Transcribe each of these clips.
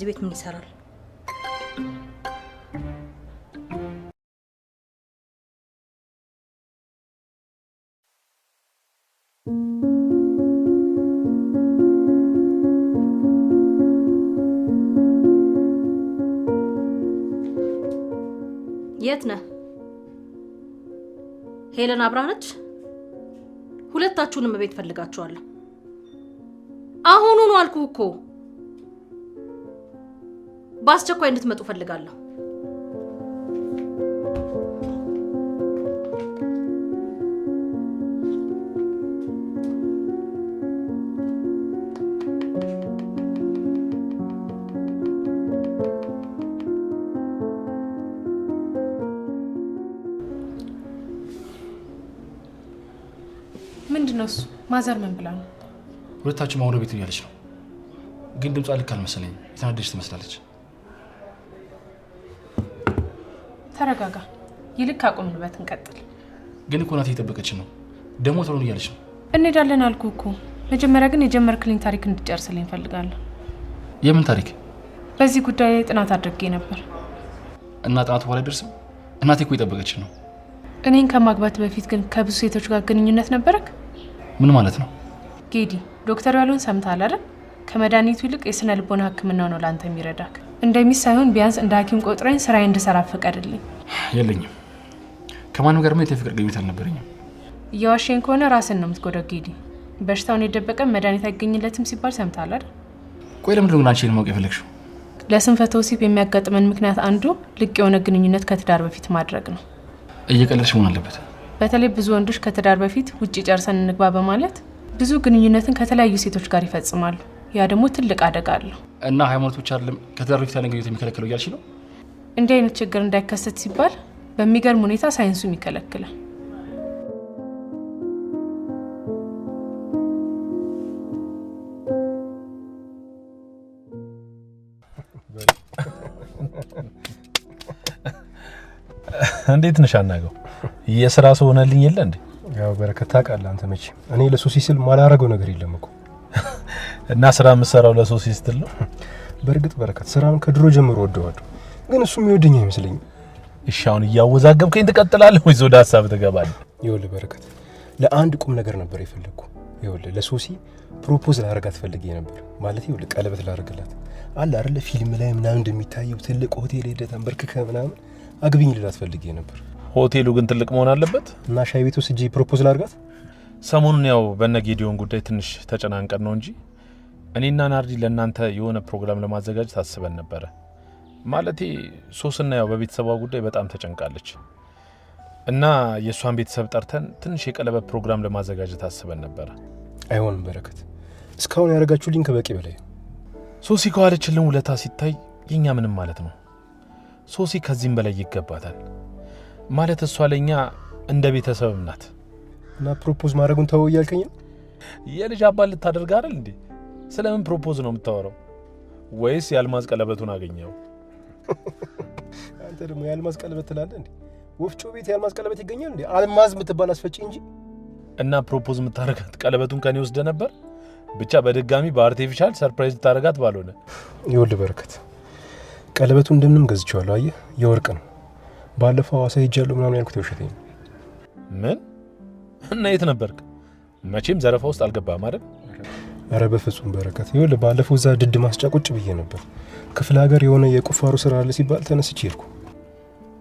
እዚህ ቤት ምን ይሰራል? የት ነህ? ሄለን አብራ ነች? ሁለታችሁንም ቤት ፈልጋችኋለሁ። አሁኑኑ አልኩህ እኮ በአስቸኳይ እንድትመጡ ፈልጋለሁ። ምንድን ነው እሱ? ማዘር ምን ብላ ነው? ሁለታችሁ ማውሪያ ቤት እያለች ነው፣ ግን ድምጿ ልክ አልመሰለኝም። የተናደደች ትመስላለች። ተረጋጋ። ይልክ አቁም ልበት እንቀጥል። ግን እኮ ናት እየጠበቀች ነው። ደግሞ ተሎን እያለች ነው። እንሄዳለን አልኩ እኮ። መጀመሪያ ግን የጀመርክልኝ ታሪክ እንድጨርስልኝ እፈልጋለሁ። የምን ታሪክ? በዚህ ጉዳይ ላይ ጥናት አድርጌ ነበር እና ጥናቱ በኋላ አይደርስም። እናቴ እኮ እየጠበቀች ነው። እኔን ከማግባት በፊት ግን ከብዙ ሴቶች ጋር ግንኙነት ነበረክ? ምን ማለት ነው ጌዲ? ዶክተር ያሉን ሰምተሃል አይደል? ከመድኃኒቱ ይልቅ የስነ ልቦና ሕክምና ነው ለአንተ የሚረዳክ። እንደሚስ ሳይሆን ቢያንስ እንደ ሐኪም ቆጥረኝ ስራ እንድሰራ ፈቀድልኝ። የለኝም። ከማንም ጋር የት የፍቅር ግኝት አልነበረኝም። እየዋሸኝ ከሆነ ራስን ነው የምትጎደግዲ። በሽታውን የደበቀ መድኃኒት አይገኝለትም ሲባል ሰምተሃል አይደል? ቆይ ለምንድን ነው አንቺን ማወቅ የፈለግሽው? ለስንፈተ ወሲብ የሚያጋጥመን ምክንያት አንዱ ልቅ የሆነ ግንኙነት ከትዳር በፊት ማድረግ ነው። እየቀለድሽ መሆን አለበት። በተለይ ብዙ ወንዶች ከትዳር በፊት ውጭ ጨርሰን እንግባ በማለት ብዙ ግንኙነትን ከተለያዩ ሴቶች ጋር ይፈጽማሉ። ያ ደግሞ ትልቅ አደጋ አለው እና ሃይማኖት ብቻ አይደለም ከተዳረፊት ያለን የሚከለክለው እያልሽ ነው? እንዲህ አይነት ችግር እንዳይከሰት ሲባል በሚገርም ሁኔታ ሳይንሱም ይከለክላል። እንዴት ነሽ? አናገው የስራ ሰው ሆነልኝ የለ እንዴ? ያው በረከት ታውቃለህ አንተ መቼ እኔ ለሱሲ ስል ማላረገው ነገር የለም እኮ እና ስራ የምሰራው ለሶሲ ስትል ነው? በእርግጥ በረከት ስራውን ከድሮ ጀምሮ ወደዋለሁ፣ ግን እሱ የሚወደኝ አይመስለኝም። እሻውን አሁን እያወዛገብከኝ ትቀጥላለህ ወይስ ወደ ሀሳብ ትገባለህ? ይኸውልህ በረከት፣ ለአንድ ቁም ነገር ነበር የፈለግኩ። ይኸውልህ ለሶሲ ፕሮፖዝ ላደርጋት ፈልጌ ነበር። ማለት ይኸውልህ ቀለበት ላደርግላት አለ አይደለ? ፊልም ላይ ምናምን እንደሚታየው ትልቅ ሆቴል ሄደህ ተንበርክከህ ምናምን አግቢኝ ልላት ፈልጌ ነበር። ሆቴሉ ግን ትልቅ መሆን አለበት እና ሻይ ቤት ውስጥ ፕሮፖዝ ላደርጋት። ሰሞኑን ያው በነ ጌዲዮን ጉዳይ ትንሽ ተጨናንቀን ነው እንጂ እኔና ናርዲ ለእናንተ የሆነ ፕሮግራም ለማዘጋጀት ታስበን ነበረ። ማለቴ ሶስና ያው በቤተሰቧ ጉዳይ በጣም ተጨንቃለች እና የእሷን ቤተሰብ ጠርተን ትንሽ የቀለበት ፕሮግራም ለማዘጋጀት አስበን ነበረ። አይሆንም በረከት፣ እስካሁን ያደረጋችሁልኝ ከበቂ በላይ ሶሲ ከዋለችልን ውለታ ሲታይ የእኛ ምንም ማለት ነው። ሶሲ ከዚህም በላይ ይገባታል ማለት እሷ ለእኛ እንደ ቤተሰብም ናት። እና ፕሮፖዝ ማድረጉን ተወው እያልከኝ የልጅ አባት ልታደርግ አይደል እንዴ? ስለምን ፕሮፖዝ ነው የምታወራው? ወይስ የአልማዝ ቀለበቱን አገኘው? አንተ ደግሞ የአልማዝ ቀለበት ትላለህ እንዴ? ወፍጮ ቤት የአልማዝ ቀለበት ይገኛል እንዴ? አልማዝ የምትባል አስፈጪ እንጂ። እና ፕሮፖዝ የምታረጋት ቀለበቱን ከኔ ወስደ ነበር? ብቻ በድጋሚ በአርቲፊሻል ሰርፕራይዝ ልታረጋት ባልሆነ። ይኸውልህ በረከት፣ ቀለበቱ እንደምንም ገዝቼዋለሁ። አየህ፣ የወርቅ ነው። ባለፈው ሐዋሳ ሄጃለሁ ምናምን ያልኩት የውሸቴን። ምን? እና የት ነበርክ? መቼም ዘረፋ ውስጥ አልገባም አይደል? ኧረ በፍጹም በረከት ይወል ባለፈው እዛ ድድ ማስጫ ቁጭ ብዬ ነበር። ክፍለ ሀገር የሆነ የቁፋሮ ስራ አለ ሲባል ተነስቼ ሄድኩ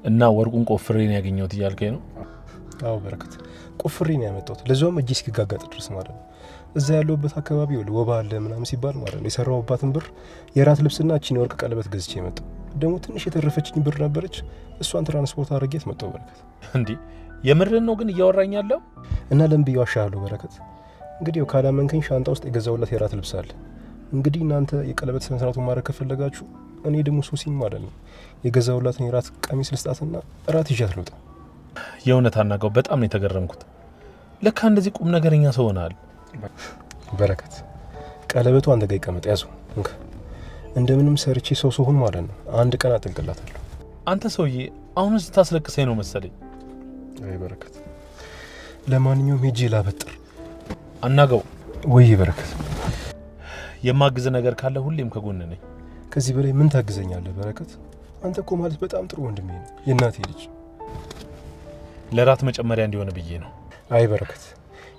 እና ወርቁን ቆፍሬን ያገኘሁት እያልከኝ ነው? አዎ በረከት፣ ቆፍሬን ያመጣሁት ለዛውም እጄ እስኪጋጋጥ ድረስ ማለት ነው። እዛ ያለሁበት አካባቢ ይወል ወባ አለ ምናምን ሲባል ማለት ነው የሰራሁባትን ብር የራት ልብስና እቺን የወርቅ ቀለበት ገዝቼ መጣሁ። ደግሞ ትንሽ የተረፈችኝ ብር ነበረች፣ እሷን ትራንስፖርት አድርጌት መጣሁ። በረከት፣ እንዴ የምርን ነው ግን እያወራኝ ያለው እና ለምን ብዬ በረከት እንግዲህ ካላመንከኝ ሻንጣ ውስጥ የገዛውላት የራት ልብስ አለ። እንግዲህ እናንተ የቀለበት ስነ ስርዓቱን ማድረግ ከፈለጋችሁ እኔ ደግሞ ሱሲም ማለት ነው የገዛውላትን የራት ቀሚስ ልስጣትና እራት ይዣት ልውጣ። የእውነት አናገው በጣም ነው የተገረምኩት። ለካ እንደዚህ ቁም ነገረኛ ሰው ሆናል። በረከት ቀለበቱ አንተ ጋር ይቀመጥ፣ ያዙ እንደምንም ሰርቼ ሰው ሰሆን ማለት ነው አንድ ቀን አጠልቅላታለሁ። አንተ ሰውዬ አሁን ታስለቅሰኝ ነው መሰለኝ። አይ በረከት፣ ለማንኛውም ሄጄ ላበጥር አናገው ወይ በረከት፣ የማግዝ ነገር ካለ ሁሌም ከጎን ነኝ። ከዚህ በላይ ምን ታግዘኛለህ በረከት? አንተ እኮ ማለት በጣም ጥሩ ወንድሜ ነው፣ የእናቴ ልጅ። ለራት መጨመሪያ እንዲሆን ብዬ ነው። አይ በረከት፣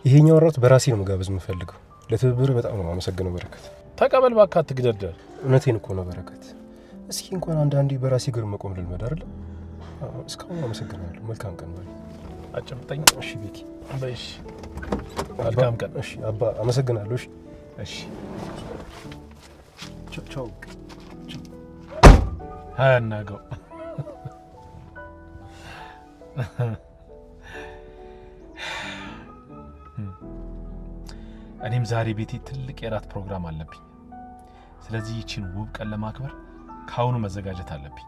ይሄኛው ራት በራሴ ነው መጋበዝ የምፈልገው። ለትብብር በጣም ነው አመሰግነው በረከት። ተቀበል እባክህ፣ አትግደርደር። እውነቴን እኮ ነው በረከት። እስኪ እንኳን አንዳንዴ በራሴ እግር መቆም ልልመድ አይደል? እስካሁን አመሰግናለሁ። መልካም ቀን። አጨብጠኝ። እሺ ቤኪ በሽ መልካም ቀን። እሺ አባ አመሰግናለሁ። እሺ እሺ፣ ቻው ቻው። አናገው እኔም ዛሬ ቤቴ ትልቅ የራት ፕሮግራም አለብኝ። ስለዚህ ይችን ውብ ቀን ለማክበር ከአሁኑ መዘጋጀት አለብኝ።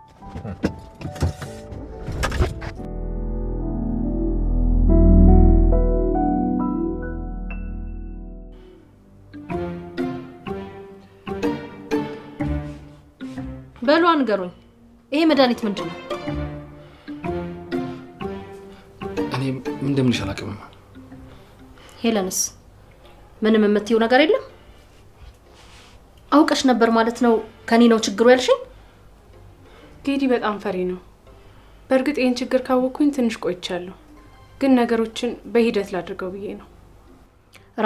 በሏ ንገሩኝ፣ ይሄ መድኃኒት ምንድን ነው? እኔ እንደምልሽ አላውቅም። ሄለንስ ምንም የምትይው ነገር የለም? አውቀሽ ነበር ማለት ነው ከኔ ነው ችግሩ ያልሽኝ? ጌዲ በጣም ፈሪ ነው። በእርግጥ ይህን ችግር ካወቅኩኝ ትንሽ ቆይቻለሁ፣ ግን ነገሮችን በሂደት ላድርገው ብዬ ነው።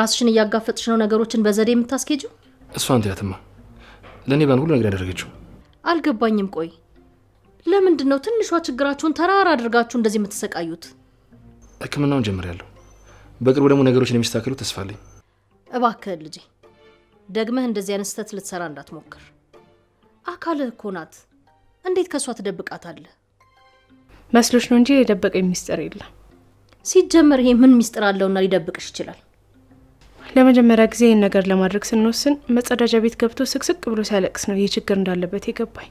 ራስሽን እያጋፈጥሽ ነው ነገሮችን በዘዴ የምታስኬጂው? እሷ አንተ ያትማ ለእኔ ባን ሁሉ ነገር ያደረገችው አልገባኝም። ቆይ ለምንድን ነው ትንሿ ችግራችሁን ተራራ አድርጋችሁ እንደዚህ የምትሰቃዩት? ሕክምናውን ጀምሬያለሁ። በቅርቡ ደግሞ ነገሮችን የሚስተካከሉ ተስፋ አለኝ። እባክህ ልጄ ደግመህ እንደዚህ አይነት ስህተት ልትሰራ እንዳትሞክር። አካልህ እኮ ናት። እንዴት ከእሷ ትደብቃታለህ? መስሎች ነው እንጂ የደበቀ ሚስጥር የለም። ሲጀመር ይሄ ምን ሚስጥር አለውና ሊደብቅሽ ይችላል? ለመጀመሪያ ጊዜ ይህን ነገር ለማድረግ ስንወስን መጸዳጃ ቤት ገብቶ ስቅስቅ ብሎ ሲያለቅስ ነው ይህ ችግር እንዳለበት የገባኝ።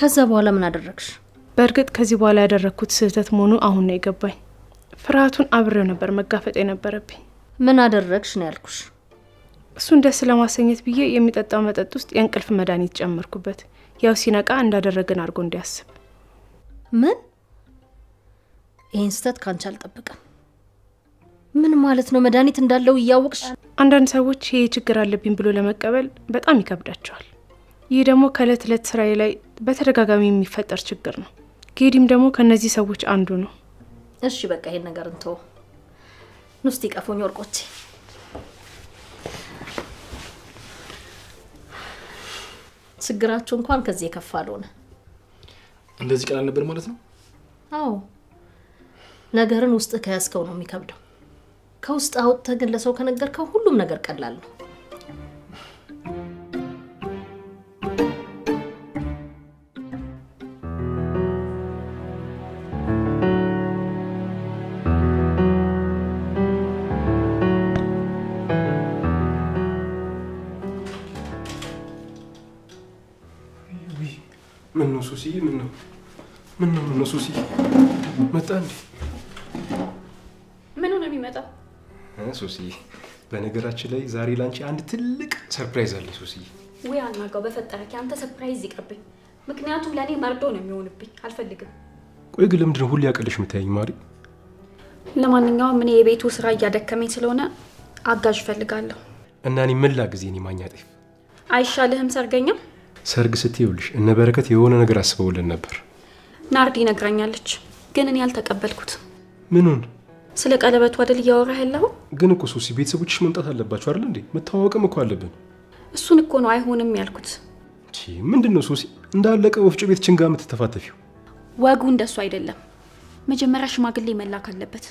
ከዛ በኋላ ምን አደረግሽ? በእርግጥ ከዚህ በኋላ ያደረግኩት ስህተት መሆኑ አሁን ነው የገባኝ። ፍርሃቱን አብሬው ነበር መጋፈጥ የነበረብኝ። ምን አደረግሽ ነው ያልኩሽ። እሱን ደስ ለማሰኘት ብዬ የሚጠጣው መጠጥ ውስጥ የእንቅልፍ መድኃኒት ጨመርኩበት። ያው ሲነቃ እንዳደረግን አድርጎ እንዲያስብ። ምን ይህን ስህተት ካንቺ አልጠብቅም። ምን ማለት ነው? መድኃኒት እንዳለው እያወቅሽ? አንዳንድ ሰዎች ይሄ ችግር አለብኝ ብሎ ለመቀበል በጣም ይከብዳቸዋል። ይህ ደግሞ ከእለት እለት ስራዬ ላይ በተደጋጋሚ የሚፈጠር ችግር ነው። ጌዲም ደግሞ ከእነዚህ ሰዎች አንዱ ነው። እሺ በቃ ይሄን ነገር እንተ ንስቲ ቀፎኝ ወርቆቼ ችግራችሁ እንኳን ከዚህ የከፋ አልሆነ። እንደዚህ ቀላል ነበር ማለት ነው? አዎ ነገርን ውስጥ ከያዝከው ነው የሚከብደው። ከውስጥ አውጥተህ ግን ለሰው ከነገርከው ሁሉም ነገር ቀላል ነው። ምን ነው ሱሲ? ምን ነው ምን ነው ሱሲ? መጣ እንዴ? ሱሲ፣ በነገራችን ላይ ዛሬ ላንቺ አንድ ትልቅ ሰርፕራይዝ አለ ሱሲ። ወይ አናጋው፣ በፈጠረክ አንተ ሰርፕራይዝ ይቅርብኝ። ምክንያቱም ለእኔ መርዶ ነው የሚሆንብኝ፣ አልፈልግም። ቆይ ግን ለምንድን ነው ሁሌ ያቀለሽ የምታየኝ ማሪ? ለማንኛውም እኔ የቤቱ ስራ እያደከመኝ ስለሆነ አጋዥ እፈልጋለሁ። እና እኔ ምን ላግዝ? እኔ ማኛ አይሻልህም? ሰርገኛ ሰርግ ስትይውልሽ እነ በረከት የሆነ ነገር አስበውልን ነበር። ናርዲ ነግራኛለች፣ ግን እኔ ያልተቀበልኩት ምኑን ስለ ቀለበቱ አይደል እያወራህ ያለሁ? ግን እኮ ሶሲ ቤተሰቦችሽ መምጣት አለባቸው አይደል እንዴ? መተዋወቅም እኮ አለብን። እሱን እኮ ነው አይሆንም ያልኩት። ምንድን ነው ሶሲ እንዳለቀ ወፍጮ ቤት ችንጋ የምትተፋተፊው? ወጉ እንደሱ አይደለም። መጀመሪያ ሽማግሌ መላክ አለበት።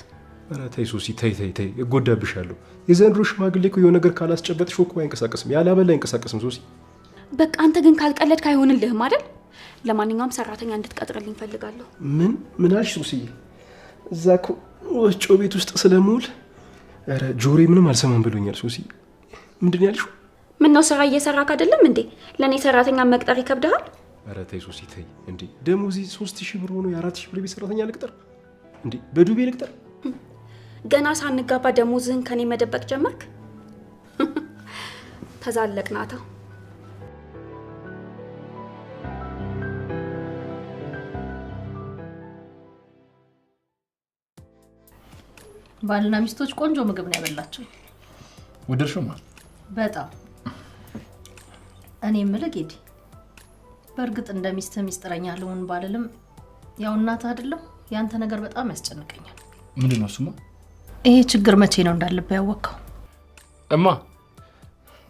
ኧረ ተይ ሶሲ ተይ ተይ ተይ፣ እጎዳብሻለሁ። የዘንድሮ ሽማግሌ እኮ የሆነ ነገር ካላስጨበጥሽው እኮ አይንቀሳቀስም፣ ያላበላ አይንቀሳቀስም ሶሲ። በቃ አንተ ግን ካልቀለድክ አይሆንልህም አይደል? ለማንኛውም ሰራተኛ እንድትቀጥርልኝ ፈልጋለሁ። ምን ምን አልሽ ሶሲ? እዛ እኮ ወጮ ቤት ውስጥ ስለምውል ኧረ ጆሬ ምንም አልሰማም ብሎኛል። ሶሲ ምንድን ያልሽው? ነው ስራ እየሰራክ አይደለም እንዴ? ለእኔ ሰራተኛ መቅጠር ይከብድሃል? ኧረ ተይ ሶሲ ተይ እንዴ። ደግሞ እዚህ ሶስት ሺህ ብር ሆኖ የአራት ሺህ ብር ቤት ሰራተኛ ልቅጠር እንዴ? በዱቤ ልቅጠር? ገና ሳንጋባ ደሞዝህን ከኔ መደበቅ ጀመርክ። ተዛለቅናታው ባልና ሚስቶች ቆንጆ ምግብ ነው ያበላቸው። ወደድሽውማ? በጣም እኔ የምልህ ጌዲ፣ በእርግጥ እንደ ሚስትህ ሚስጥረኛ ልሁን ባልልም ያው እናትህ አይደለም ያንተ ነገር በጣም ያስጨንቀኛል። ምንድን ነው እሱማ? ይሄ ችግር መቼ ነው እንዳለብህ ያወቅኸው? እማ፣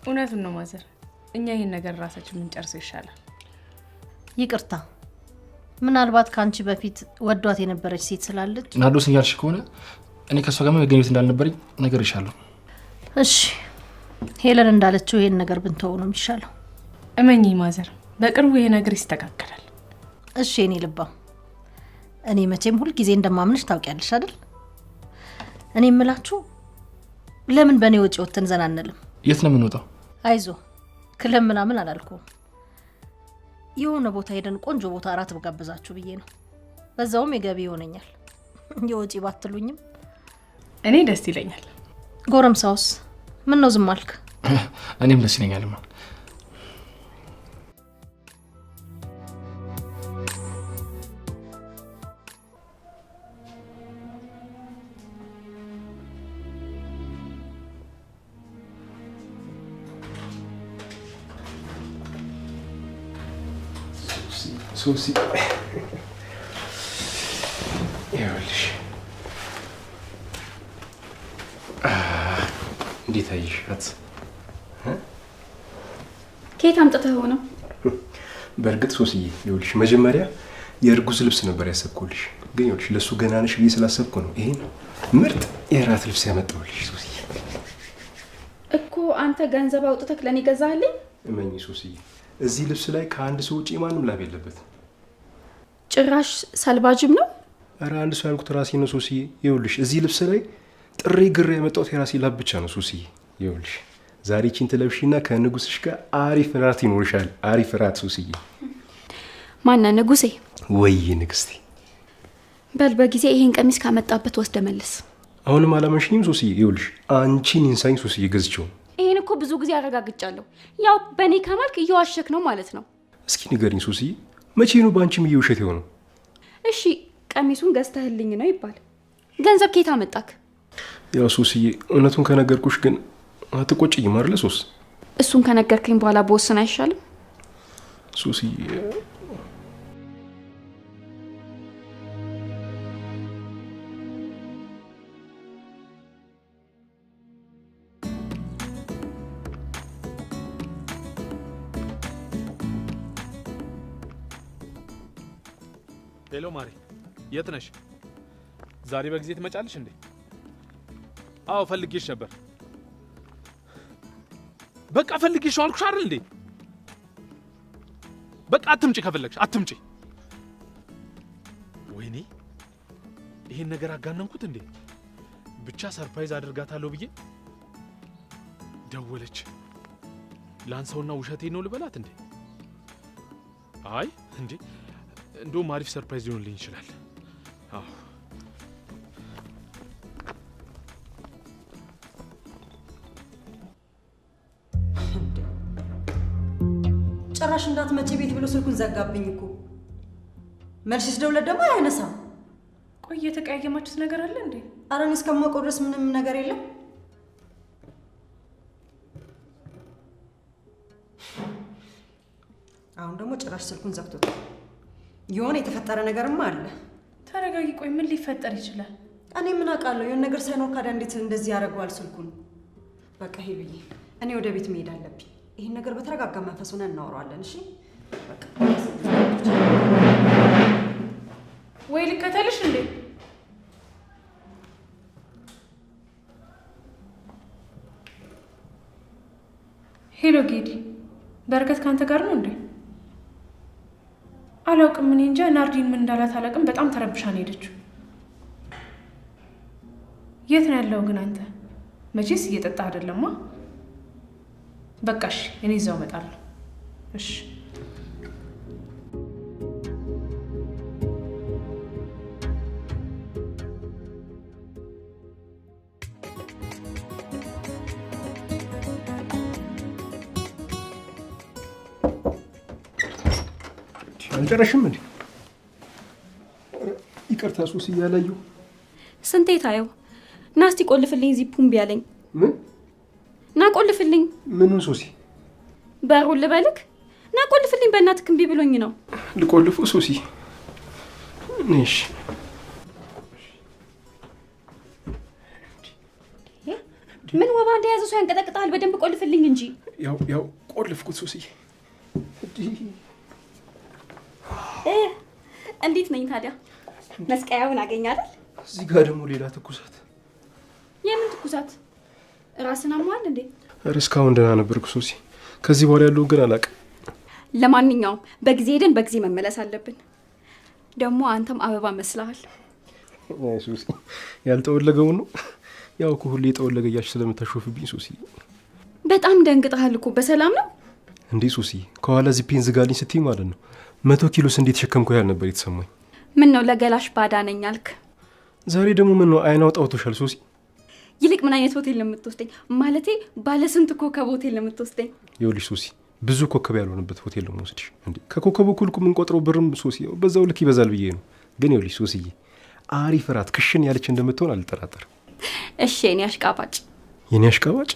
እውነቱን ነው ማዘር፣ እኛ ይህን ነገር ራሳችን ምንጨርሰው ይሻላል። ይቅርታ ምናልባት ከአንቺ በፊት ወዷት የነበረች ሴት ስላለች ናርዶስ እያልሽ ከሆነ እኔ ከእሷ ጋር መገኘት እንዳልነበረኝ ነገር ይሻለሁ። እሺ ሄለን እንዳለችው ይሄን ነገር ብንተው ነው የሚሻለው። እመኚ ማዘር፣ በቅርቡ ይሄ ነገር ይስተካከላል። እሺ እኔ ልባም፣ እኔ መቼም ሁልጊዜ እንደማምንሽ ታውቂያለሽ አይደል? እኔ የምላችሁ ለምን በእኔ ወጪ ወጥተን ዘና አንልም? የት ነው የምንወጣው? አይዞ ክለብ ምናምን አላልኩም። የሆነ ቦታ ሄደን ቆንጆ ቦታ እራት ብጋብዛችሁ ብዬ ነው። በዛውም የገቢ ይሆነኛል። የወጪ ባትሉኝም እኔ ደስ ይለኛል ጎረም ሰውስ ምን ነው ዝም አልክ እኔም ደስ ይለኛል ማ ሶሲ ሶሲ እንዴት አየሻት? ከየት አምጥተኸው ነው? በእርግጥ ሶስዬ፣ ይኸውልሽ መጀመሪያ የእርጉዝ ልብስ ነበር ያሰብኩልሽ፣ ግን ይኸውልሽ ለእሱ ገና ነሽ ብዬ ስላሰብኩ ነው ይሄን ምርጥ የራት ልብስ ያመጣሁልሽ። ሶስዬ እኮ አንተ ገንዘብ አውጥተህ ለእኔ ገዛህልኝ? እመኚ ሶስዬ፣ እዚህ ልብስ ላይ ከአንድ ሰው ውጪ ማንም ላብ የለበት። ጭራሽ ሰልባጅም ነው። ኧረ አንድ ሰው ያልኩት ራሴ ነው ሶስዬ። ይኸውልሽ እዚህ ልብስ ላይ ጥሪ ግር የመጣሁት የራሴ ላብ ብቻ ነው። ሱሲ ይኸውልሽ ዛሬ ቺን ትለብሽና ከንጉስሽ ጋር አሪፍ ራት ይኖርሻል። አሪፍ ራት ሱስዬ። ማና ንጉሴ? ወይ ንግስቴ። በል በጊዜ ይሄን ቀሚስ ካመጣበት ወስደ መልስ። አሁንም አላመንሽኝም ሱስዬ? ይኸውልሽ አንቺን ኢንሳኝ ሱስዬ ገዝቼው። ይሄን እኮ ብዙ ጊዜ አረጋግጫለሁ። ያው በእኔ ከማልክ እየዋሸክ ነው ማለት ነው። እስኪ ንገሪኝ ሱስዬ፣ መቼ ነው በአንቺም እየውሸት የሆነው? እሺ ቀሚሱን ገዝተህልኝ ነው ይባል፣ ገንዘብ ኬት አመጣክ? ያው ሱስዬ፣ እውነቱን ከነገርኩሽ ግን አትቆጭኝ ማርለ ሱስ እሱን ከነገርከኝ በኋላ በወስን አይሻልም? ሱስዬ ሄሎ ማሪ፣ የት ነሽ? ዛሬ በጊዜ ትመጫለሽ እንዴ? አዎ ፈልጌሽ ነበር። በቃ ፈልጌሽ አልኩሽ አይደል እንዴ? በቃ አትምጪ፣ ከፈለግሽ አትምጪ። ወይኔ ይሄን ነገር አጋነንኩት እንዴ? ብቻ ሰርፕራይዝ አድርጋታለሁ ብዬ ደወለች። ላንሰውና ውሸቴ ነው ልበላት እንዴ? አይ እንዴ፣ እንደውም አሪፍ ሰርፕራይዝ ሊሆንልኝ ይችላል። አዎ እንዳትመጪ ቤት ብሎ ስልኩን ዘጋብኝ እኮ። መልስ ስደውለት ደግሞ አያነሳም። ቆይ የተቀያየማችሁት ነገር አለ እንዴ? ኧረ እኔ እስከማውቀው ድረስ ምንም ነገር የለም። አሁን ደግሞ ጭራሽ ስልኩን ዘግቶታል። የሆነ የተፈጠረ ነገርማ አለ። ተረጋጊ። ቆይ ምን ሊፈጠር ይችላል? እኔ ምን አውቃለሁ? የሆነ ነገር ሳይኖር ካዳ እንዴት እንደዚህ ያደርገዋል ስልኩን? በቃ ሄሉዬ፣ እኔ ወደ ቤት መሄድ አለብኝ። ይህን ነገር በተረጋጋ መንፈስ ሆነን እናወራዋለን። እሺ ወይ ልከተልሽ እንዴ? ሄሎ ጌዲ፣ በረከት ከአንተ ጋር ነው እንዴ? አላውቅም። እኔ እንጃ ናርዲን ምን እንዳላት አላውቅም። በጣም ተረብሻ ነው ሄደችው። የት ነው ያለው ግን አንተ? መቼስ እየጠጣ አይደለማ በቃሽ፣ እኔ እዛው እመጣለሁ። እሺ አልጨረሽም እንዴ? ይቅርታ ሱስ እያላየሁ ስንቴ ታየው ናስቲ ቆልፍልኝ እዚህ ፑምቢ ያለኝ ምን ቆልፍልኝ። ምኑን ሶሲ? በሩን ልበልክ? ቆልፍልኝ፣ በእናትህ እምቢ ብሎኝ ነው። ልቆልፉ ሶሲ? እሺ ምን ወባ እንደያዘ ሰው ያንቀጠቅጣል በደንብ ቆልፍልኝ እንጂ። ያው ያው ቆልፍኩት ሱሲ። እንዴት ነኝ ታዲያ? መስቀያውን አገኛለል። እዚህ ጋር ደግሞ ሌላ ትኩሳት። የምን ትኩሳት? ራስን አሟል እንዴ? ኧረ እስካሁን ደህና ነበርኩ ሶሲ። ከዚህ በኋላ ያለው ግን አላውቅም። ለማንኛውም በጊዜ ሄደን በጊዜ መመለስ አለብን። ደግሞ አንተም አበባ መስልሃል። ሱሲ ያልጠወለገውን ነው ያው እኮ ሁሌ የጠወለገ እያልሽ ስለምታሾፍብኝ ሱሲ። በጣም ደንግጠሃል እኮ በሰላም ነው እንዴ ሱሲ? ከኋላ ዚፔን ዝጋልኝ ስትይ ማለት ነው መቶ ኪሎስ እንዴት ተሸከምኩ ያህል ነበር የተሰማኝ። ምን ነው ለገላሽ ባዳ አልክ። ዛሬ ደግሞ ምን ነው አይን አውጣውቶሻል ሱሲ? ይልቅ ምን አይነት ሆቴል ነው የምትወስደኝ? ማለቴ ባለስንት ኮከብ ሆቴል ነው የምትወስደኝ? ይኸውልሽ ሶሲ፣ ብዙ ኮከብ ያልሆነበት ሆቴል ነው የምወስድሽ። እንዴ ከኮከቡ ኩልኩ የምንቆጥረው ብርም ሶሲ፣ በዛው ልክ ይበዛል ብዬ ነው። ግን ይኸውልሽ ሶሲዬ፣ አሪፍ እራት ክሽን ያለች እንደምትሆን አልጠራጠር። እሺ የኔ አሽቃባጭ፣ የኔ አሽቃባጭ፣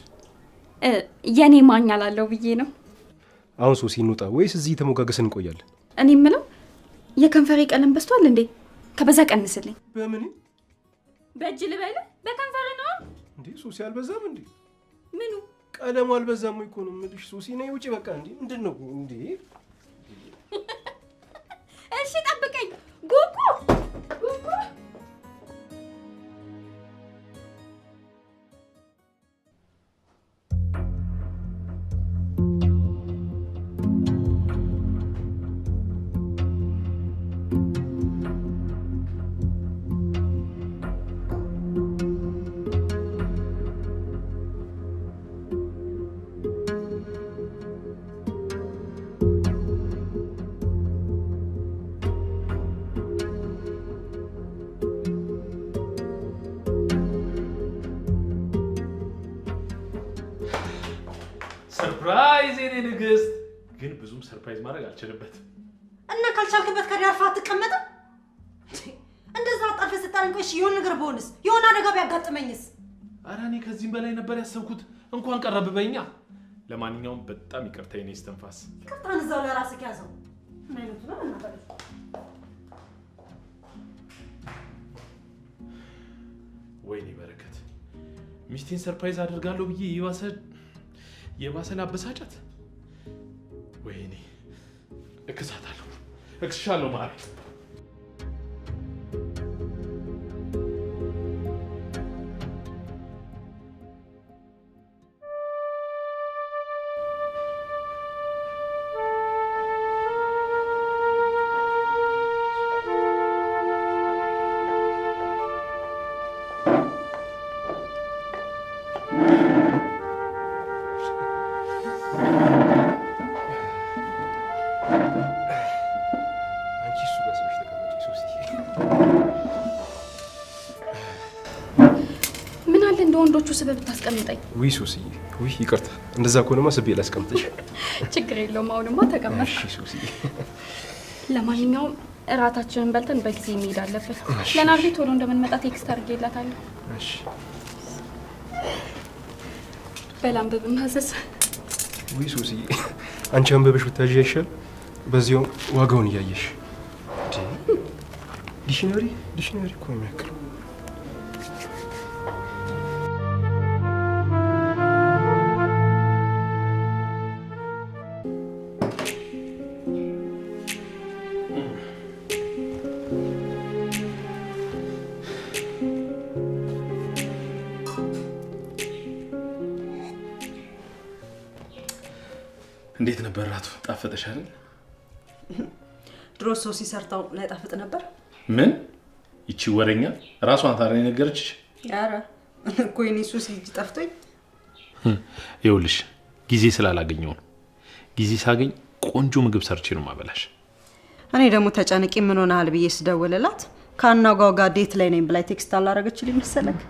የኔ ማኛ ላለው ብዬ ነው። አሁን ሶሲ እንውጣ ወይስ እዚህ ተሞጋገስን እንቆያለን? እኔ የምለው የከንፈሬ ቀለም በስቷል እንዴ? ከበዛ ቀንስልኝ። በምን በእጅ ልበል? በከንፈር ነው። እንዴ ሱሲ አልበዛም እንዴ? ምኑ ቀለሙ አልበዛም ወይ? እኮ ነው የምልሽ ሱሲ ነይ ውጪ በቃ። እንዴ ምንድን ነው እንዴ? እሺ ጠብቀኝ ጉጉ ጉጉ ሰርፕራይዝ ማድረግ አልችልበት። እና ካልቻልክበት ከዳርፋ አትቀመጥም? እንደዛ አጣፈ ስጠረን ቆይሽ። ነገር በሆንስ የሆን አደጋ ቢያጋጥመኝስ? አረ እኔ ከዚህም በላይ ነበር ያሰብኩት። እንኳን ቀረብ በኛ። ለማንኛውም በጣም ይቅርታ የኔ እስትንፋስ። ይቅርታን እዛው ለራስህ ያዘው። ወይኔ በረከት፣ ሚስቴን ሰርፕራይዝ አደርጋለሁ ብዬ የባሰ የባሰ ላበሳጨት። ወይኔ እክሳታለሁ፣ እክስሻለሁ ማርያም ውይ ሱስዬ፣ ውይ ይቅርታ። እንደዛ ከሆነማ ስቤ ላስቀምጥሽ። ችግር የለውም። አሁንማ ተቀመጥ። ለማንኛውም እራታችንን በልተን በጊዜ መሄድ አለብን። ለናርዲ ቶሎ እንደምንመጣ ቴክስት አድርጌላታለሁ። በል አንብብ ማዘዝ። ውይ ሱስዬ፣ አንቺ አንብበሽ ብታዥ ያሻል። ዋጋውን እያየሽ ዲሽነሪ ዲሽነሪ እኮ የሚያክለው ሶ ሲሰርተው ላይጣፍጥ ነበር? ምን ይቺ ወረኛ ራሷን ታዲያ የነገረችሽ? ያረ እኮ የእኔ ሱስ ልጅ ጠፍቶኝ። ይኸውልሽ ጊዜ ስላላገኘው ነው። ጊዜ ሳገኝ ቆንጆ ምግብ ሰርቼ ነው ማበላሽ። እኔ ደግሞ ተጨንቄ ምን ሆነሃል ብዬ ስደውልላት ከአናጓው ጋር ዴት ላይ ነኝ ብላይ ቴክስት አላረገችልኝ መሰለክ።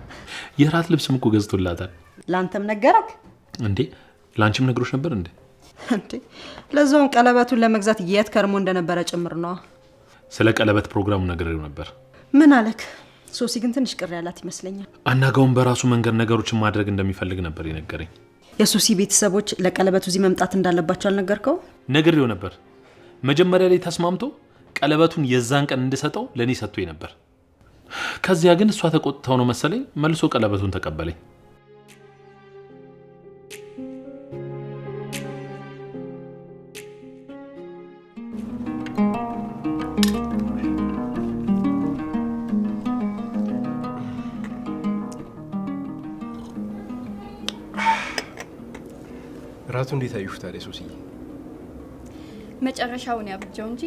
የራት ልብስም እኮ ገዝቶላታል። ላንተም ነገረክ እንዴ? ላንቺም ነግሮች ነበር እንዴ? እንዴ ለዛውን ቀለበቱን ለመግዛት የት ከርሞ እንደነበረ ጭምር ነው። ስለ ቀለበት ፕሮግራሙ ነግሬው ነበር። ምን አለክ? ሶሲ ግን ትንሽ ቅር ያላት ይመስለኛል። አናጋውን በራሱ መንገድ ነገሮችን ማድረግ እንደሚፈልግ ነበር የነገረኝ። የሶሲ ቤተሰቦች ለቀለበቱ እዚህ መምጣት እንዳለባቸው አልነገርከው? ነግሬው ነበር። መጀመሪያ ላይ ተስማምቶ ቀለበቱን የዛን ቀን እንድሰጠው ለእኔ ሰጥቶ ነበር። ከዚያ ግን እሷ ተቆጥተው ነው መሰለኝ መልሶ ቀለበቱን ተቀበለኝ። ራቱ እንዴት አየሹታል? ሱስዬ መጨረሻውን ያብጀው እንጂ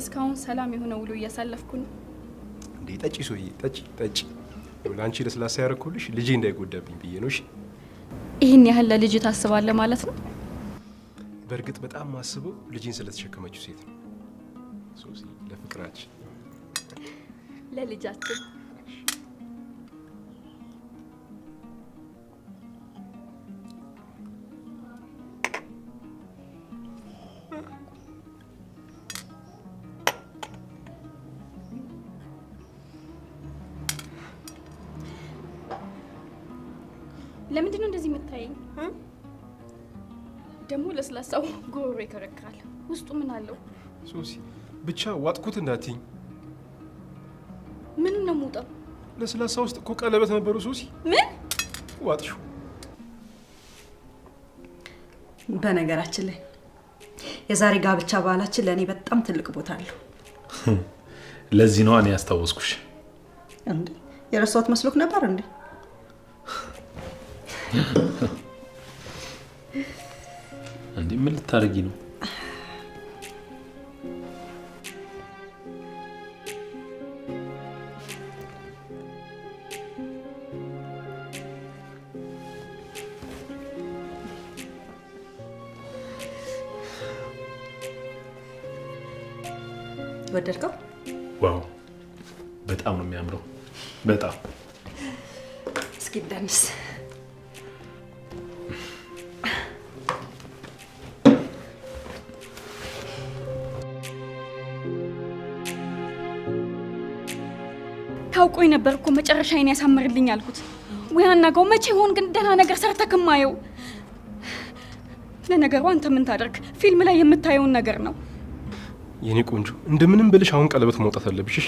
እስካሁን ሰላም የሆነ ውሎ እያሳለፍኩ ነው። እንዴ ጠጪ ሱዬ፣ ጠጪ ጠጪ። ለአንቺ ለስላሳ ያረኩልሽ ልጄ እንዳይጎዳብኝ ብዬ ነው። ይህን ያህል ለልጅ ታስባለህ ማለት ነው? በእርግጥ በጣም ማስበው ልጅን ስለተሸከመችው ሴት ነው። ሱሲ ለፍቅራችን ለልጃችን አብሮ ይከረክራል። ውስጡ ምን አለው? ሶሲ ብቻ ዋጥኩት እንዳትኝ። ምን ነው ሙጣ? ለስላሳ ውስጥ እኮ ቀለበት ነበሩ። ሶሲ ምን ዋጥሹ? በነገራችን ላይ የዛሬ ጋብቻ ባህላችን ለእኔ በጣም ትልቅ ቦታ አለው። ለዚህ ነዋ እኔ ያስታወስኩሽ። እንዴ የረሷት መስሎክ ነበር እንዴ? ምን ልታደርጊ ነው? ታውቆኝ ነበር እኮ መጨረሻዬን ያሳምርልኝ አልኩት። ወይ አናገው መቼ ሆን ግን ደህና ነገር ሰርተህ ማየው። ለነገሩ አንተ ምን ታደርግ፣ ፊልም ላይ የምታየውን ነገር ነው። የኔ ቆንጆ እንደምንም ብልሽ አሁን ቀለበት መውጣት አለብሽ።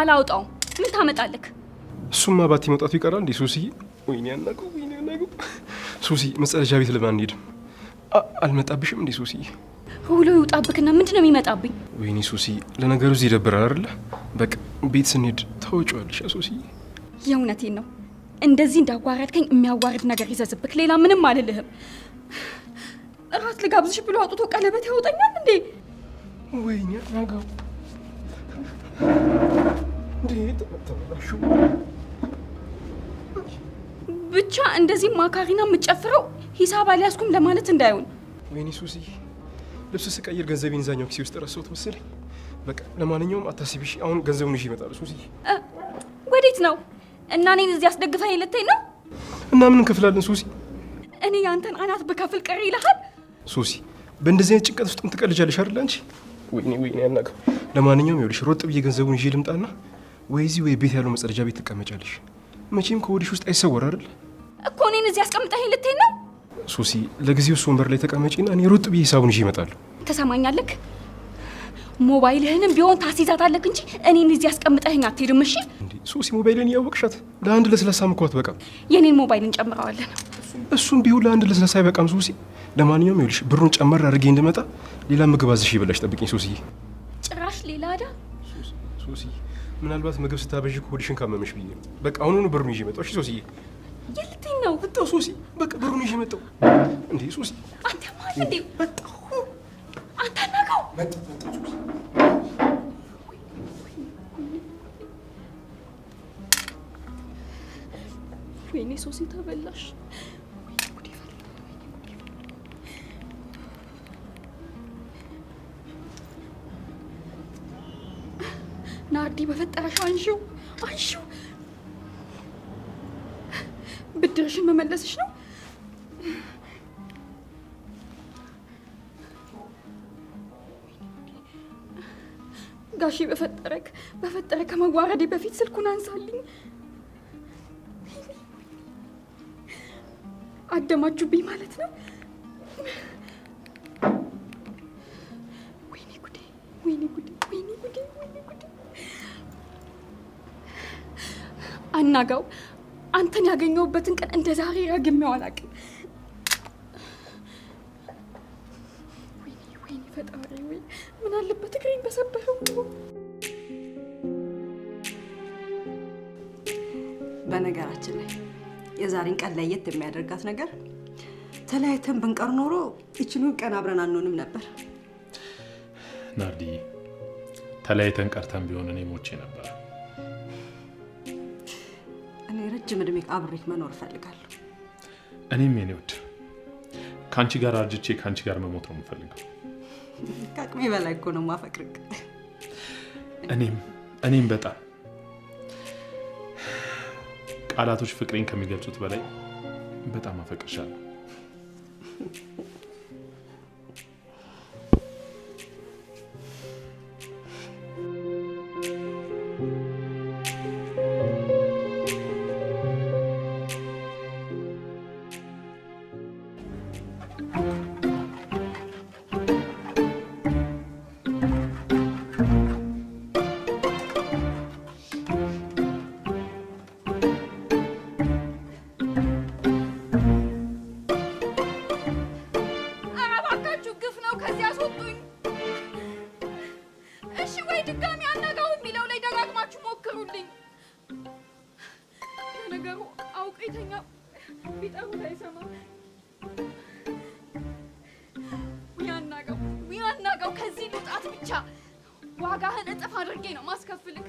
አላውጣው። ምን ታመጣለክ? እሱማ ባቲ መውጣቱ ይቀራል እንዴ ሱሲ? ወይኔ ያናገው፣ ወይኔ ያናገው። ሱሲ መጸለጃ ቤት ለማን እንሂድ? አልመጣብሽም እንዴ ሱሲ? ውሎ ይውጣብክና ምንድነው የሚመጣብኝ? ወይኔ ሱሲ፣ ለነገሩ እዚህ ይደብራል አይደለ? በቃ ቤት ስንሄድ ታወጪዋለሽ። አሶስዬ የእውነቴን ነው። እንደዚህ እንዳዋረድከኝ የሚያዋርድ ነገር ይዘዝብክ። ሌላ ምንም አልልህም። እራት ልጋብዝሽ ብሎ አውጥቶ ቀለበት ያወጠኛል እንዴ? ወይኛ ነገሩ እንዴት ተበላሹ። ብቻ እንደዚህ ማካሪና የምጨፍረው ሂሳብ አልያዝኩም ለማለት እንዳይሆን። ወይኔ ሱሲ፣ ልብስ ስቀይር ገንዘቤን ዛኛው ኪሴ ውስጥ ረሳሁት መሰለኝ። በቃ ለማንኛውም አታስቢሽ። አሁን ገንዘቡን ይዤ እመጣለሁ። ሱሲ ወዴት ነው? እና እኔን እዚህ አስደግፈኝ ልትይ ነው? እና ምን እንከፍላለን ሱሲ? እኔ ያንተን አናት ብከፍል ቀሪ ይልሃል? ሱሲ በእንደዚህ አይነት ጭንቀት ውስጥም ትቀልጃለሽ አይደል አንቺ? ወይኔ ወይኔ ያናቀ ለማንኛውም ይኸውልሽ ሮጥ ብዬ ገንዘቡን ይዤ ልምጣና ወይ እዚህ ወይ ቤት ያለው መጸዳጃ ቤት ትቀመጫለሽ። መቼም ከወዲሽ ውስጥ አይሰወር አይደል? እኮ እኔን እዚህ አስቀምጠኸኝ ልትሄድ ነው? ሱሲ ለጊዜው እሱ ወንበር ላይ ተቀመጪና እኔ ሮጥ ብዬ ሂሳቡን ይዤ እመጣለሁ። ተሰማኛለህ? ሞባይልህንም ቢሆን ታስይዛታለህ እንጂ እኔን እዚህ ያስቀምጠህኝ አትሄድም። እሺ ሱሲ፣ ሞባይልን እያወቅሻት ለአንድ ለስላሳ ምኮት በቃም። የኔን ሞባይል እንጨምረዋለን። እሱም ቢሆን ለአንድ ለስላሳ አይበቃም ሱሲ። ለማንኛውም ይኸውልሽ ብሩን ጨመር አድርጌ እንድመጣ ሌላ ምግብ አዝሽ ይበላሽ ጠብቅኝ። ሱሲ። ጭራሽ ሌላ አዳ ሱሲ፣ ምናልባት ምግብ ስታበዥ ሆድሽን ካመመሽ ብዬ በቃ አሁኑኑ ብሩን ይዤ መጣሁ። እሺ ሱሲ የልትኝ ነው? መጣሁ ሱሲ፣ በቃ ብሩን ይዤ መጣሁ። እንዴ ሱሲ አንተ ማን እንዴ? መጣሁ መጥ መጥ ወይኔ ሶሲ ተበላሽ። ናርዲ በፈጠረሽ አንሺው አንሺው፣ ብድርሽን መመለስሽ ነው። ጋሺ በፈጠረክ በፈጠረ ከመዋረዴ በፊት ስልኩን አንሳልኝ። አደማችሁብኝ ማለት ነው። ወይኔ ጉዴ! ወይኔ ጉዴ! ወይኔ ጉዴ! ወይኔ ጉዴ! አናጋው አንተን ያገኘሁበትን ቀን እንደ ዛሬ ረግሜው አላውቅም። ምን አለበት እግሬን በሰበረው። በነገራችን ላይ የዛሬን ቀን ለየት የሚያደርጋት ነገር ተለያይተን ብንቀር ኖሮ ይችኑ ቀን አብረን አንሆንም ነበር። ናርዲ ተለያይተን ቀርተን ቢሆን እኔ ሞቼ ነበር። እኔ ረጅም እድሜ አብሬት መኖር እፈልጋለሁ። እኔም የኔ ውድ ከአንቺ ጋር አርጅቼ ከአንቺ ጋር መሞት ነው የምፈልገው። ከአቅሜ በላይ እኮ ነው ማፈቅርቅ። እኔም እኔም በጣም ቃላቶች ፍቅሬን ከሚገልጹት በላይ በጣም አፈቅርሻለሁ። ዋጋህን እጥፍ አድርጌ ነው ማስከፍልክ።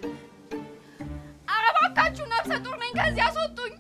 አረ እባካችሁ ነፍሰ ጡር ነኝ፣ ከዚህ አስወጡኝ።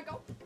I go.